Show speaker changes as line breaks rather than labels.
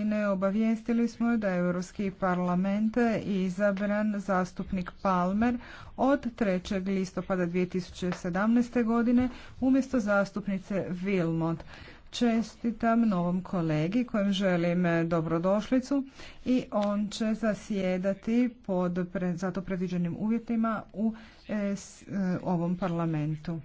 ine obavijestili smo da je Europski parlament izabran zastupnik Palmer od 3. listopada 2017. godine umjesto zastupnice Wilmot. Čestitam novom kolegi kojem želim dobrodošlicu i on će zasjedati pod zato predviđenim uvjetima u e, e, ovom parlamentu.